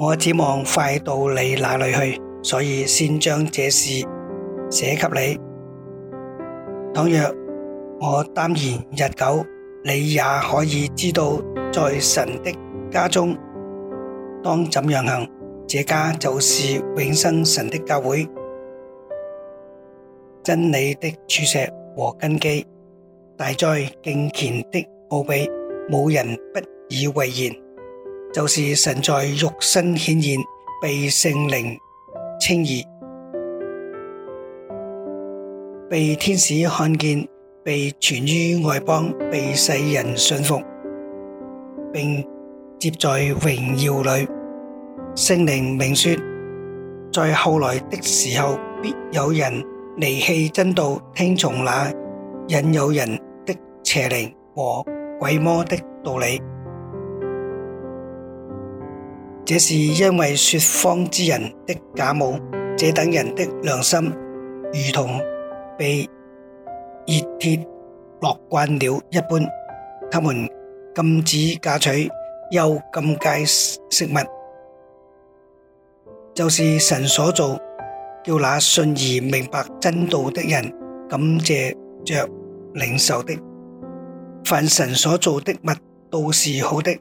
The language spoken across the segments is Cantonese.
我指望快到你那裏去，所以先將這事寫給你。倘若我耽延日久，你也可以知道，在神的家中當怎樣行。這家就是永生神的教會，真理的柱石和根基，大哉敬虔的奧秘，無人不以為然。就是神在肉身顯現，被聖靈稱義，被天使看見，被傳於外邦，被世人信服，並接在榮耀裏。聖靈明說，在後來的時候，必有人離棄真道聽從，聽從那引誘人的邪靈和鬼魔的道理。這是因為說謊之人的假冒，這等人的良心如同被熱鐵烙慣了一般。他們禁止嫁娶，又禁戒食物，就是神所做，叫那信而明白真道的人感謝着領受的。凡神所做的物，都是好的。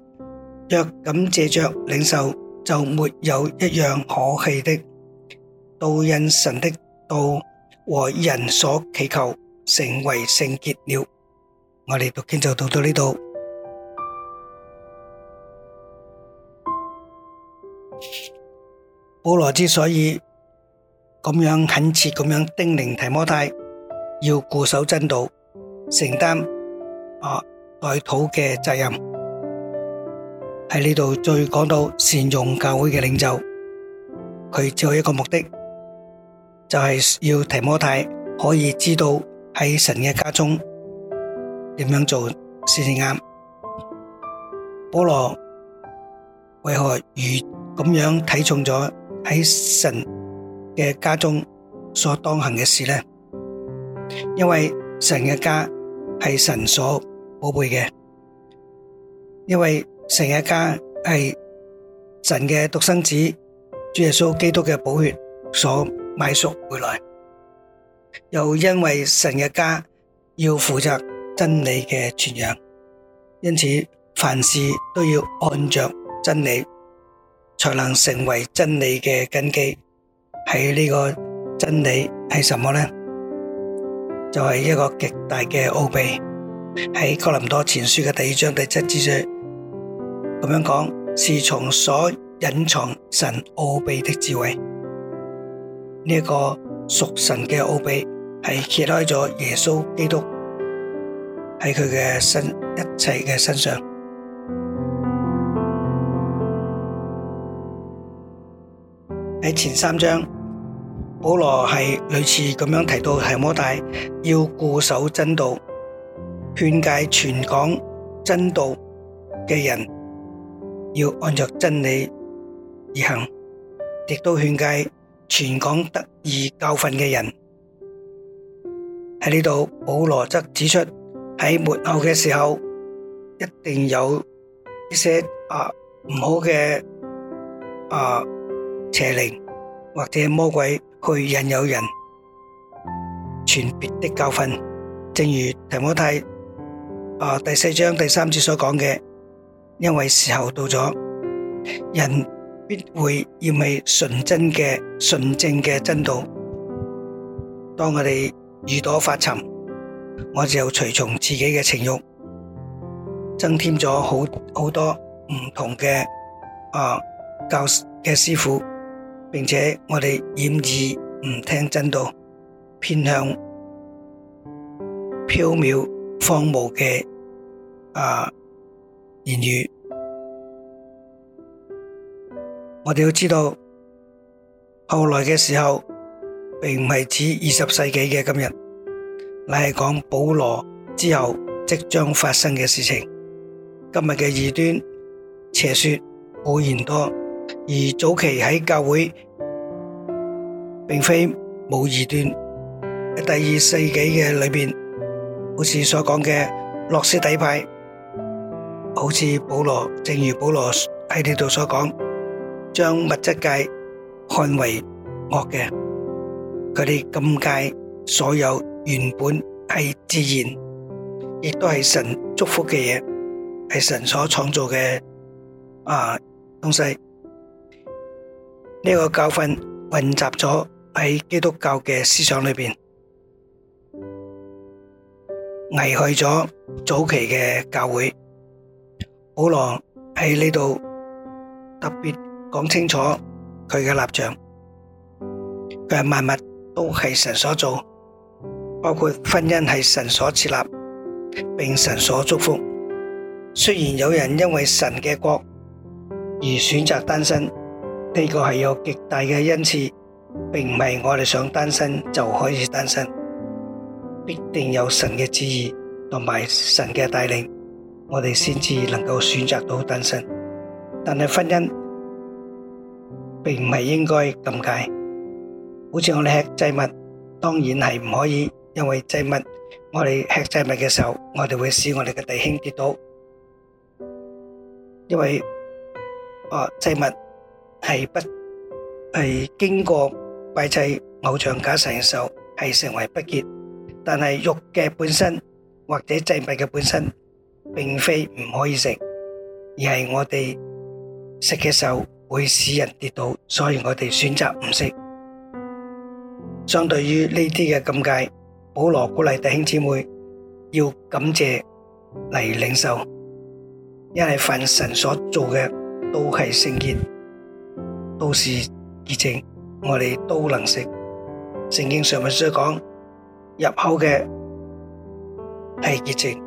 若感謝着領受，就沒有一樣可棄的。都因神的道和人所祈求成為聖潔了。我哋讀經就讀到到呢度。保羅之所以咁樣懇切咁樣叮嚀提摩太，要固守真道，承擔啊代土嘅責任。喺呢度再講到善用教會嘅領袖，佢只有一個目的，就係要提摩太可以知道喺神嘅家中點樣做先至啱。保羅為何如咁樣睇重咗喺神嘅家中所當行嘅事呢？因為神嘅家係神所寶貝嘅，因為。神嘅家係神嘅獨生子，主耶穌基督嘅寶血所買贖回來，又因為神嘅家要負責真理嘅傳揚，因此凡事都要按着真理，才能成為真理嘅根基。喺呢個真理係什麼呢？就係、是、一個極大嘅奧秘。喺哥林多前書嘅第二章第七節說。噉樣講，是從所隱藏神奧秘的智慧，呢、這個屬神嘅奧秘，是揭開咗耶穌基督喺佢嘅身一切嘅身上。喺前三章，保羅是類似噉樣提到提摩太要固守真道，勸誡傳講真道嘅人。要按着真理而行，亦都勸誡全港得義教訓嘅人。喺呢度，保羅則指出喺末後嘅時候，一定有一些啊唔好嘅啊邪靈或者魔鬼去引誘人傳別的教訓，正如提摩太啊第四章第三節所講嘅。因為時候到咗，人必會厭惡純真嘅、純正嘅真道。當我哋耳朵發沉，我就隨從自己嘅情慾，增添咗好好多唔同嘅啊教嘅師傅，並且我哋掩耳唔聽真道，偏向縹緲荒蕪嘅啊，言語，我哋要知道，後來嘅時候並唔係指二十世紀嘅今日，乃係講保羅之後即將發生嘅事情。今日嘅異端邪說固然多，而早期喺教會並非冇異端。喺第二世紀嘅裏邊，好似所講嘅諾斯底派。好似保羅，正如保羅喺呢度所講，將物質界看為惡嘅，佢哋禁戒所有原本係自然，亦都係神祝福嘅嘢，係神所創造嘅啊東西。呢個教訓混雜咗喺基督教嘅思想裏邊，危害咗早期嘅教會。保羅喺呢度特別講清楚佢嘅立場，佢的萬物都是神所造，包括婚姻是神所設立並神所祝福。雖然有人因為神嘅國而選擇單身，呢、這個是有極大嘅恩賜，並唔係我哋想單身就可以單身，必定有神嘅旨意同埋神嘅帶領。我哋先至能夠選擇到單身，但係婚姻並唔係應該咁解。好似我哋吃祭物，當然係唔可以，因為祭物，我哋吃祭物嘅時候，我哋會使我哋嘅弟兄跌倒。因為啊，祭物係不係經過拜祭偶像假神嘅時候，係成為不潔。但係肉嘅本身或者祭物嘅本身。並非唔可以食，而係我哋食嘅時候會使人跌倒，所以我哋選擇唔食。相對於呢啲嘅禁忌，保羅鼓勵弟兄姊妹要感謝嚟領受，因為凡神所做嘅都係聖潔，都是潔淨，我哋都能食。聖經上文所講入口嘅係潔淨。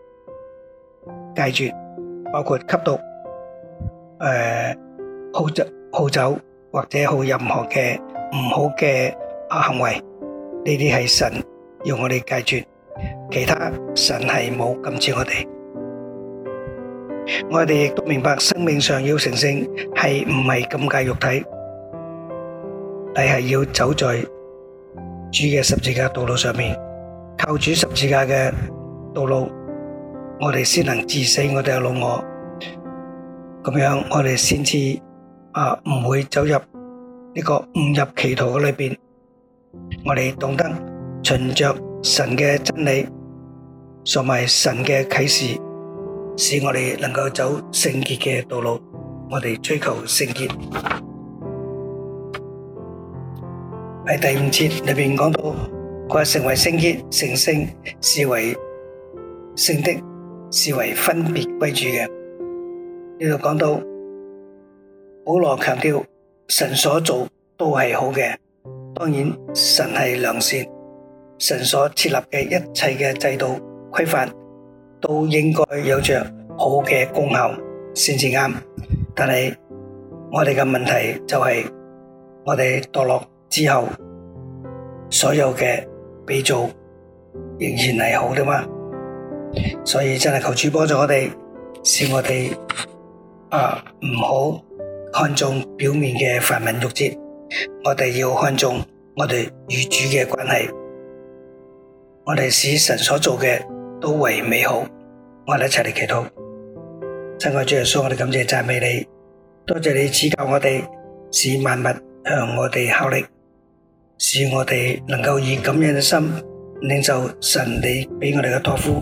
戒絕，包括吸毒、誒好酒，好酒或者好任何嘅唔好嘅啊行為，呢啲係神要我哋戒絕。其他神係冇禁止我哋。我哋亦都明白，生命上要成聖係唔係禁戒肉體？你係要走在主嘅十字架道路上面，靠主十字架嘅道路。我哋先能致死我哋嘅老我，咁樣我哋先至啊唔會走入呢個誤入歧途嘅裏邊。我哋懂得循着神嘅真理，同埋神嘅啟示，使我哋能夠走聖潔嘅道路。我哋追求聖潔。喺第五節裏邊講到，佢係成為聖潔、成聖，是為聖的。視為分別歸主嘅，呢度講到保羅強調神所做都係好嘅。當然神係良善，神所設立嘅一切嘅制度規範都應該有着好嘅功效先至啱。但係我哋嘅問題就係我哋墮落之後，所有嘅被造仍然係好嘅嗎？所以真係求主幫助我哋，使我哋啊唔好看重表面嘅繁文縟節，我哋要看重我哋與主嘅關係，我哋使神所做嘅都為美好。我哋一齊嚟祈禱，親愛主耶穌，我哋感謝讚美你，多謝你指教我哋，使萬物向我哋效力，使我哋能夠以咁樣嘅心領受神你俾我哋嘅託付。